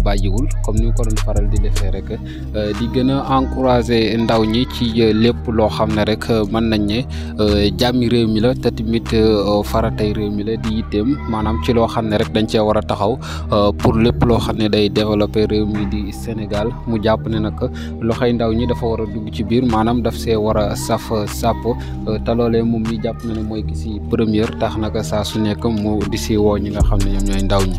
bàyyiwul comme ni ko doon faral di defee rek euh, di gën a encourager ndaw ñi ci euh, lépp loo xam ne rek euh, mën nañ ne jàmmi réew mi la te tamit faratay réew mi la di yitteem maanaam ci loo xam ne rek dañ cee war a taxaw pour lépp loo xam ne day développer réew mi di Sénégal mu jàpp ne nag loxoy ndaw ñi dafa war a dugg ci biir maanaam daf see war a saf sàpp te loolee moom mi jàpp na mooy gisi si première tax naka saa su nekk mu di si woo ñi nga xam ne ñoom ñooy ndaw ñi.